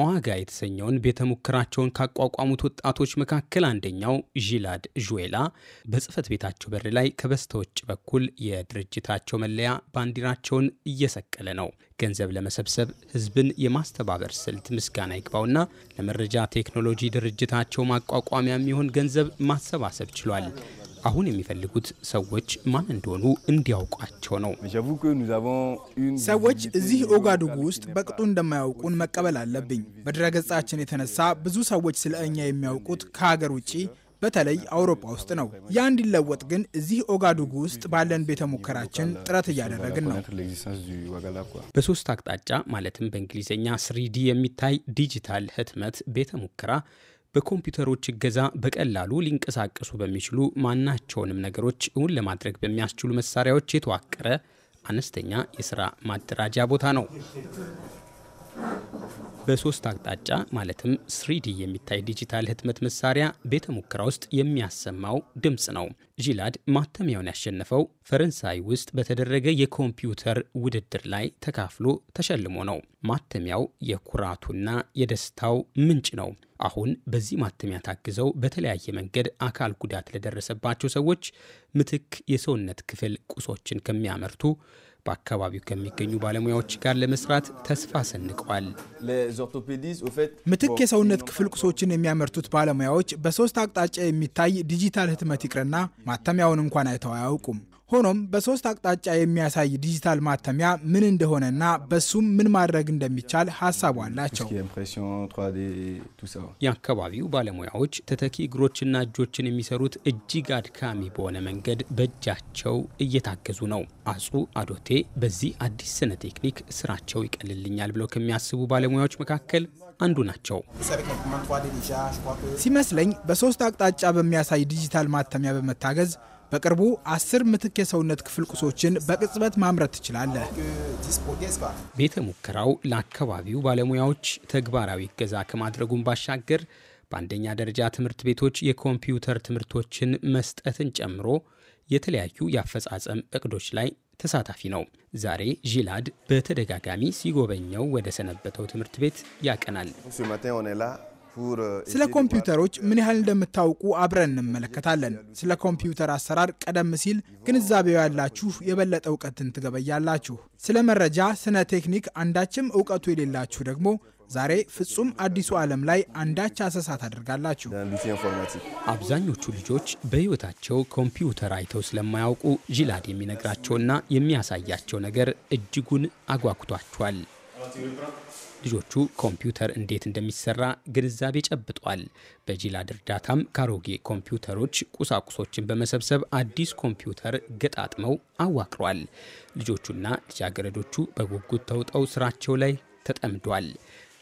ኦዋጋ የተሰኘውን ቤተ ሙከራቸውን ካቋቋሙት ወጣቶች መካከል አንደኛው ዢላድ ዥዌላ በጽህፈት ቤታቸው በር ላይ ከበስተ ውጭ በኩል የድርጅታቸው መለያ ባንዲራቸውን እየሰቀለ ነው። ገንዘብ ለመሰብሰብ ህዝብን የማስተባበር ስልት ምስጋና ይግባውና ለመረጃ ቴክኖሎጂ ድርጅታቸው ማቋቋሚያ የሚሆን ገንዘብ ማሰባሰብ ችሏል። አሁን የሚፈልጉት ሰዎች ማን እንደሆኑ እንዲያውቋቸው ነው። ሰዎች እዚህ ኦጋዱጉ ውስጥ በቅጡ እንደማያውቁን መቀበል አለብኝ። በድረገጻችን የተነሳ ብዙ ሰዎች ስለ እኛ የሚያውቁት ከሀገር ውጭ በተለይ አውሮፓ ውስጥ ነው። ያ እንዲለወጥ ግን እዚህ ኦጋዱጉ ውስጥ ባለን ቤተ ሙከራችን ጥረት እያደረግን ነው። በሶስት አቅጣጫ ማለትም በእንግሊዝኛ ስሪዲ የሚታይ ዲጂታል ህትመት ቤተ ሙከራ በኮምፒውተሮች እገዛ በቀላሉ ሊንቀሳቀሱ በሚችሉ ማናቸውንም ነገሮች እውን ለማድረግ በሚያስችሉ መሳሪያዎች የተዋቀረ አነስተኛ የስራ ማደራጃ ቦታ ነው። በሶስት አቅጣጫ ማለትም ስሪዲ የሚታይ ዲጂታል ህትመት መሳሪያ ቤተ ሙከራ ውስጥ የሚያሰማው ድምፅ ነው። ዢላድ ማተሚያውን ያሸነፈው ፈረንሳይ ውስጥ በተደረገ የኮምፒውተር ውድድር ላይ ተካፍሎ ተሸልሞ ነው። ማተሚያው የኩራቱና የደስታው ምንጭ ነው። አሁን በዚህ ማተሚያ ታግዘው በተለያየ መንገድ አካል ጉዳት ለደረሰባቸው ሰዎች ምትክ የሰውነት ክፍል ቁሶችን ከሚያመርቱ በአካባቢው ከሚገኙ ባለሙያዎች ጋር ለመስራት ተስፋ ሰንቀዋል። ምትክ የሰውነት ክፍል ቁሶችን የሚያመርቱት ባለሙያዎች በሶስት አቅጣጫ የሚታይ ዲጂታል ህትመት ይቅርና ማተሚያውን እንኳን አይተው አያውቁም። ሆኖም በሶስት አቅጣጫ የሚያሳይ ዲጂታል ማተሚያ ምን እንደሆነና በሱም ምን ማድረግ እንደሚቻል ሀሳቡ አላቸው። የአካባቢው ባለሙያዎች ተተኪ እግሮችና እጆችን የሚሰሩት እጅግ አድካሚ በሆነ መንገድ በእጃቸው እየታገዙ ነው። አጹ አዶቴ በዚህ አዲስ ስነ ቴክኒክ ስራቸው ይቀልልኛል ብለው ከሚያስቡ ባለሙያዎች መካከል አንዱ ናቸው። ሲመስለኝ በሶስት አቅጣጫ በሚያሳይ ዲጂታል ማተሚያ በመታገዝ በቅርቡ አስር ምትክ የሰውነት ክፍል ቁሶችን በቅጽበት ማምረት ትችላለህ። ቤተ ሙከራው ለአካባቢው ባለሙያዎች ተግባራዊ እገዛ ከማድረጉን ባሻገር በአንደኛ ደረጃ ትምህርት ቤቶች የኮምፒውተር ትምህርቶችን መስጠትን ጨምሮ የተለያዩ የአፈጻጸም እቅዶች ላይ ተሳታፊ ነው። ዛሬ ዢላድ በተደጋጋሚ ሲጎበኘው ወደ ሰነበተው ትምህርት ቤት ያቀናል። ስለ ኮምፒውተሮች ምን ያህል እንደምታውቁ አብረን እንመለከታለን። ስለ ኮምፒውተር አሰራር ቀደም ሲል ግንዛቤው ያላችሁ የበለጠ እውቀትን ትገበያላችሁ። ስለ መረጃ ስነ ቴክኒክ አንዳችም እውቀቱ የሌላችሁ ደግሞ ዛሬ ፍጹም አዲሱ ዓለም ላይ አንዳች አሰሳት አድርጋላችሁ። አብዛኞቹ ልጆች በሕይወታቸው ኮምፒውተር አይተው ስለማያውቁ ዥላድ የሚነግራቸውና የሚያሳያቸው ነገር እጅጉን አጓጉቷቸዋል። ልጆቹ ኮምፒውተር እንዴት እንደሚሰራ ግንዛቤ ጨብጧል። በጂላድ እርዳታም ካሮጌ ኮምፒውተሮች ቁሳቁሶችን በመሰብሰብ አዲስ ኮምፒውተር ገጣጥመው አዋቅሯል። ልጆቹና ልጃገረዶቹ በጉጉት ተውጠው ስራቸው ላይ ተጠምዷል።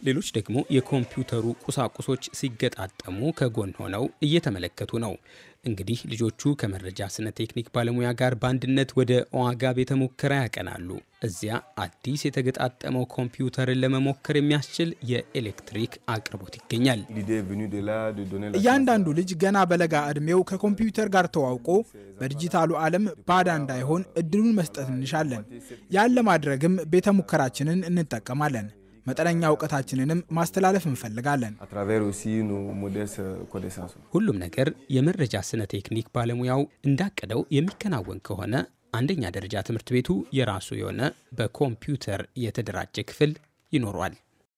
ሌሎች ደግሞ የኮምፒውተሩ ቁሳቁሶች ሲገጣጠሙ ከጎን ሆነው እየተመለከቱ ነው። እንግዲህ ልጆቹ ከመረጃ ስነ ቴክኒክ ባለሙያ ጋር በአንድነት ወደ ኦዋጋ ቤተ ሙከራ ያቀናሉ። እዚያ አዲስ የተገጣጠመው ኮምፒውተርን ለመሞከር የሚያስችል የኤሌክትሪክ አቅርቦት ይገኛል። እያንዳንዱ ልጅ ገና በለጋ ዕድሜው ከኮምፒውተር ጋር ተዋውቆ በዲጂታሉ ዓለም ባዳ እንዳይሆን እድሉን መስጠት እንሻለን። ያን ለማድረግም ቤተ ሙከራችንን እንጠቀማለን። መጠነኛ እውቀታችንንም ማስተላለፍ እንፈልጋለን። euh, ሁሉም ነገር የመረጃ ስነ ቴክኒክ ባለሙያው እንዳቀደው የሚከናወን ከሆነ አንደኛ ደረጃ ትምህርት ቤቱ የራሱ የሆነ በኮምፒውተር የተደራጀ ክፍል ይኖሯል።